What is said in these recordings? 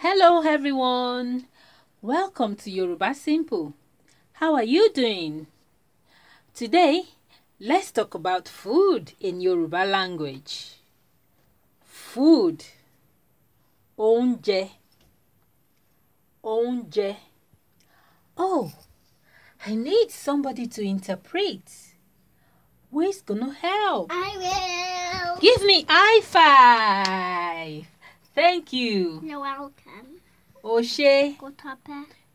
Hello everyone. Welcome to Yoruba Simple. How are you doing? Today, let's talk about food in Yoruba language. Food. Oúnjẹ. Oúnjẹ. Oh, I need somebody to interpret. Who's gonna help? I will. Give me I five. Thank you. You're welcome. Oshé,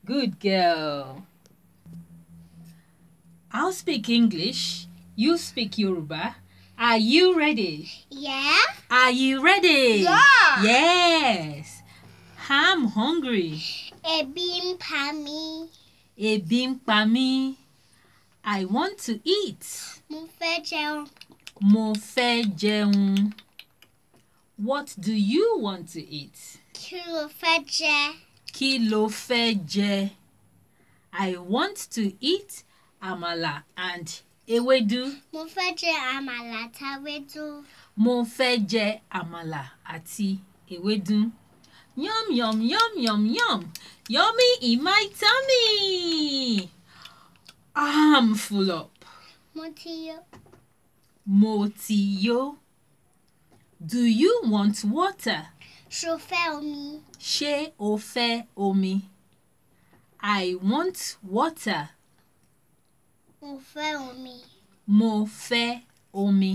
Good girl. I'll speak English. You speak Yoruba. Are you ready? Yeah. Are you ready? Yeah. Yes. I'm hungry. Ebi pami. Ebi I want to eat. Mo fẹ́ jẹun. Mo fẹ́ jẹun. What do you want to eat? Kí lo fẹ́ jẹ? Kí lo fẹ́ jẹ? I want to eat amala and ewedu. Mo fẹ́ jẹ àmàlà àtàwédú. Mo fẹ́ jẹ àmàlà àti ewédú. Yum yum yum yum yum. Yummy in my tummy. I'm full up. Mo ti yó. Mo ti yó. Do you want water? Ṣo fẹ́ omi? Ṣé o fẹ́ omi? I want water. Mo fẹ́ omi. Mo fẹ́ omi.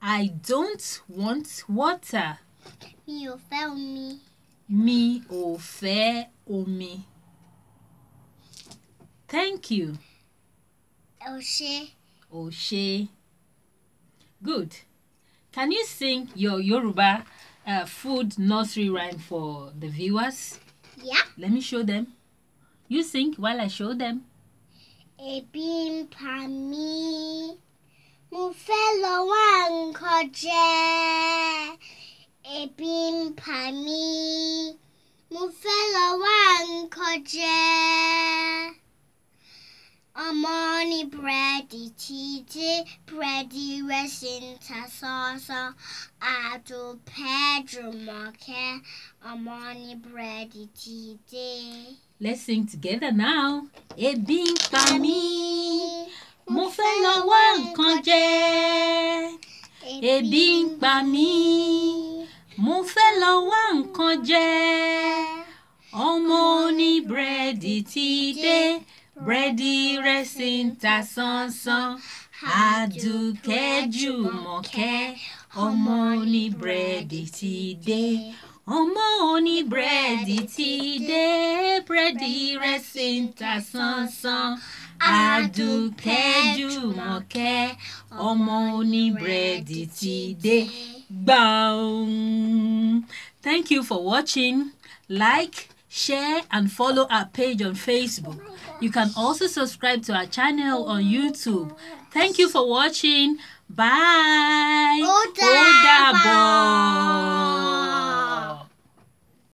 I don't want water. Mi ò fẹ́ omi. Mi ò fẹ́ omi. Thank you. Ò ṣé. Ò ṣé. Good. Can you sing your Yoruba uh, food nursery rhyme for the viewers? Yeah. Let me show them. You sing while I show them. Ebi ń pa mí, mo fẹ́ lọ wá nǹkan jẹ. Ebi ń pa mí, mo fẹ́ lọ wá nǹkan jẹ. 어머니 브레디 치즈 브레디 레신 사서서 아주 배주 먹게 어머니 브레디 치즈 Let's sing together now. Ebi ń pa mí, mo fẹ́ lọ wá nǹkan jẹ. Ebi ń pa mí, mo fẹ́ lọ wá nǹkan jẹ. Ọmọ oní búrẹ́dì ti búrẹ́dì rẹ́sì ń ta sánsán àdùkẹ́ jùmọ̀kẹ́ ọmọ oníbúrẹ́dì ti dé ọmọ oníbúrẹ́dì ti dé búrẹ́dì rẹ́sì ń ta sánsán àdùkẹ́ jùmọ̀kẹ́ ọmọ oníbúrẹ́dì ti dé gbàù. Thank you for watching. Like, share and follow our page on Facebook. You can also subscribe to our channel on YouTube. Thank you for watching. Bye. Ó